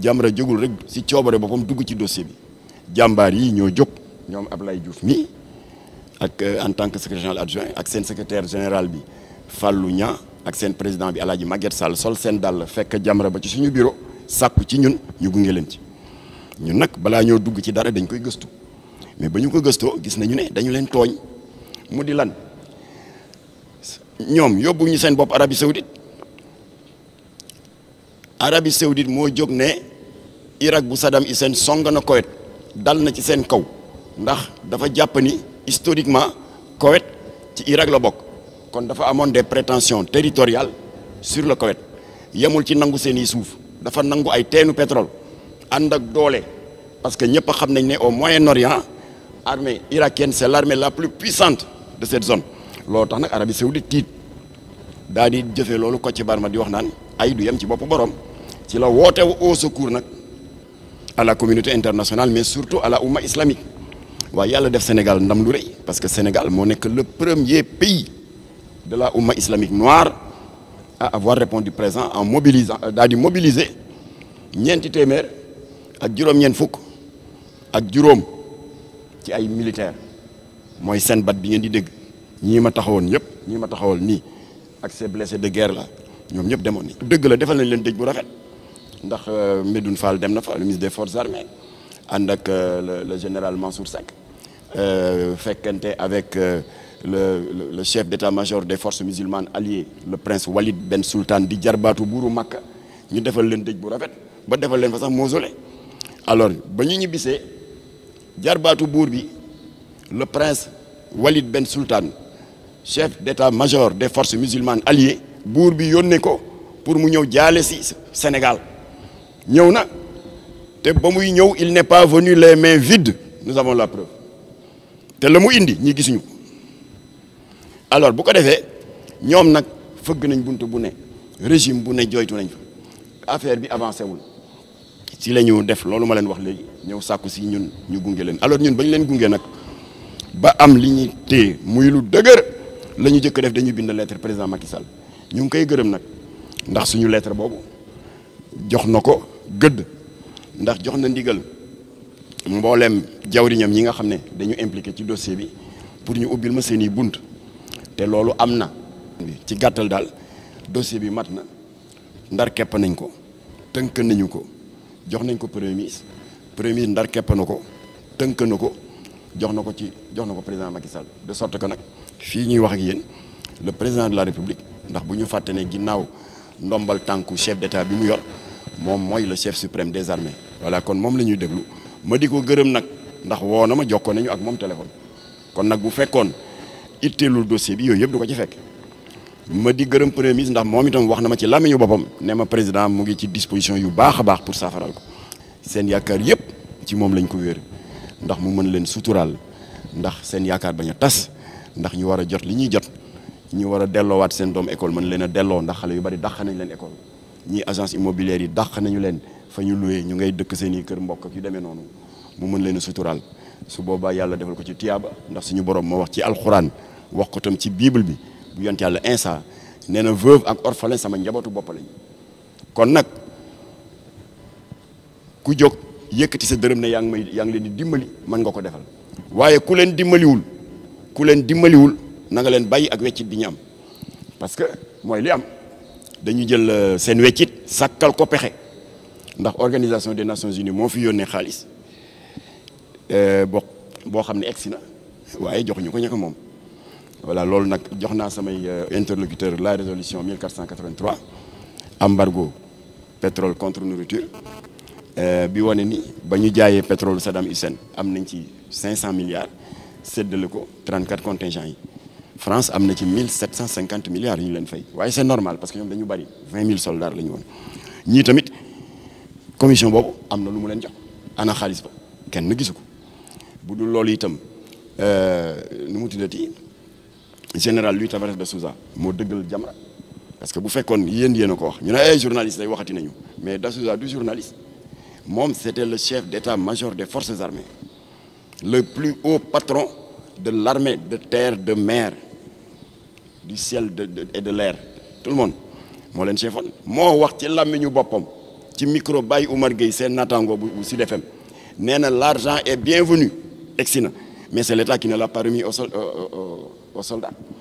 Jamra jógul rek si coobare boppam dugg ci dossier bi jàmbaar yi ñoo jóg ñoom ab Ablaye Diouf mi ak euh, en tant que secrétaire général adjoint ak seen secrétaire général bi fallu Nia ak seen président bi El Hadj Maguette Sall sol seen dàll fekk Jamra ba ci suñu bureau sàkku ci ñun ñu gunge leen ci ñun nag balaa ñoo dugg ci dara dañ koy gëstu mais ba ñu ko gëstoo gis nañu ne dañu leen tooñ mu di lan ñoom yóbbu ñu seen bopp Arabie Saoudite Arabie Saoudite moo jóg ne Irak bu Saddam Hussein song na kowet dal na ci seen kaw ndax dafa jàpp ni historiquement Koweït ci Irak la bokk kon dafa amoon des prétentions territoriale sur le Koweït yemul ci nangu seen i suuf dafa nangu ay teenu pétrole ànd ak doole parce que ñëpp xam nañ ne au Moyen-Orient armée irakienne c'est l'armée la plus puissante de cette zone loolu tax nag Arabie Saoudite tiit daa di jëfee loolu Kocc Barma di wax naan ay du yem ci boppu borom. ci la woote au secours nag à la communauté internationale mais surtout à la oumma islamique waaye yàlla def Sénégal ndam lu rëy parce que Sénégal moo nekk le premier pays de la oumma islamique noire à avoir présent en mobilisant euh, daal di mobiliser ñeenti téeméer ak juróom-ñeent fukk ak juróom ci ay militaires mooy seen bat bi ngeen di dégg ñii ma taxawoon yëpp ñii ma taxawal nii ak ces blessés de guerre la ñoom ñëpp demoon ni dëgg la defal nañ leen dëj bu rafet. ndax euh, Medoune Fall dem na fa le ministre des forces armées ànd ak euh, le général Mansour Seck euh, fekkente avec le le chef d'état-major de forces musulmanes alliées le prince Walid Ben Sultan di jarbaatu buuru Makka ñu defal leen dëj bu rafet ba defal leen fa sax mausolée alors ba ñu ñibbisee jarbaatu buur bi le prince Walid Ben Sultan chef d'état-major de forces musulmanes alliées buur bi yónnee ko pour mu ñëw jaale si Sénégal ñëw na te ba muy ñëw il n'est pas venu les mains vides nous avons la preuve te la mu indi ñi gisuñu ko alors bu ko defee ñoom nag fëgg nañ bunt bu ne régime bu ne joytu nañ fa affaire bi avancé wul si la ñu def loolu ma leen wax léegi ñëw sàkku si ñun ñu gunge leen alors ñun bañ leen gunge nag ba am li ñuy téye muy lu dëgër lañu ñu jëkk def dañuy bind lettre président Macky sal ñu ngi koy gërëm nag ndax suñu lettre boobu jox na ko gëdd ndax jox na ndigal mboolem jawriñam ñi nga xam ne dañu impliqué ci dossier bi pour ñu ubbil ma seen i bunt te loolu am na. ci gàttal daal dossier bi mat na ndar kepp nañ ko tënk nañu ko jox nañ ko premier ministre premier ministre ndar kepp na ko tënk na ko jox na ko ci jox na ko président Macky Sall de sorte que nag fii ñuy wax ak yéen le président de la république ndax bu ñu fàtte ginnaaw ndombal tànku chef d'état bi mu yor. moom mooy la chef suprême des armées voilà kon moom la ñuy déglu ma di ko gërëm nag ndax woo na ma jokkoo nañu ak moom téléphone kon nag bu fekkoon itteelul dossier bi yooyu yëpp du ko ci fekk ma di gërëm premier ndax moom itam wax na ma ci làmmiñu boppam ne ma président mu ngi ci disposition yu baax a baax pour saafaral ko seen yaakaar yëpp ci moom lañ ko wéer ndax mu mën leen suturaal ndax seen yaakaar bañ a tas ndax ñu war a jot li ñuy jot ñu war a delloowaat seen doom école mën leen a delloo ndax xale yu bari dàq nañ leen école ñii agence immobilière yi dàq nañu leen fa ñu loué ñu ngay dëkk seen i kër mbokk ak yu demee noonu mu mën leen a suturaal su boobaa yàlla defal ko ci tiyaaba ndax suñu borom moo wax ci alxuraan wax ko tam ci bible bi bu yont yàlla instant nee na veuve ak orphelin sama njabootu bopp kon nag ku jóg yëkkati sa dërëm na yaa ngi may yaa ngi leen di dimbali mën nga ko defal waaye ku leen dimbaliwul ku leen dimbaliwul nanga leen bàyyi ak weccit bi ñu am parce que mooy li am. dañu jël euh, seen weccit sàkkal ko pexe ndax organisation des nations unies moo fi yónnee xaalis euh, bo boo xam ne egsi na waaye joxuñu ko ña ko moom voilà loolu nag jox naa samay euh, interlocuteur la résolution 1483 embargo pétrole contre nourriture bi wane ni ba ñu jaayee pétrole Saddam Hussein am nañ ci 500 milliards séddale ko 34 contingents yi France am na ci mille sept cent cinquante milliards ñu leen fay waaye c'est normal parce que ñoom dañu bari vingt mille soldats la woon ñii tamit commission boobu am na lu mu leen jox ana xaalis ba kenn gisu ko bu dul loolu itam euh, nu mu tuddati général Louis Tavares de Souza moo dëggal Jamra parce que bu fekkoon yéen yéen ko wax ñu ne ay journaliste lay waxati nañu mais de Souza du journaliste moom c'était le chef d'état-major des forces armées le plus haut patron de l'armée de terre de mer du ciel de, de, et de l'air tout le monde moo leen chefoon moo wax ci làmmiñu boppam ci micro Baye Oumar Gueye seen naataango bu Sud FM nee na l'argent est bienvenu egsi na mais c'est l'État qui ne l'a pas remis au sol, euh, euh, aux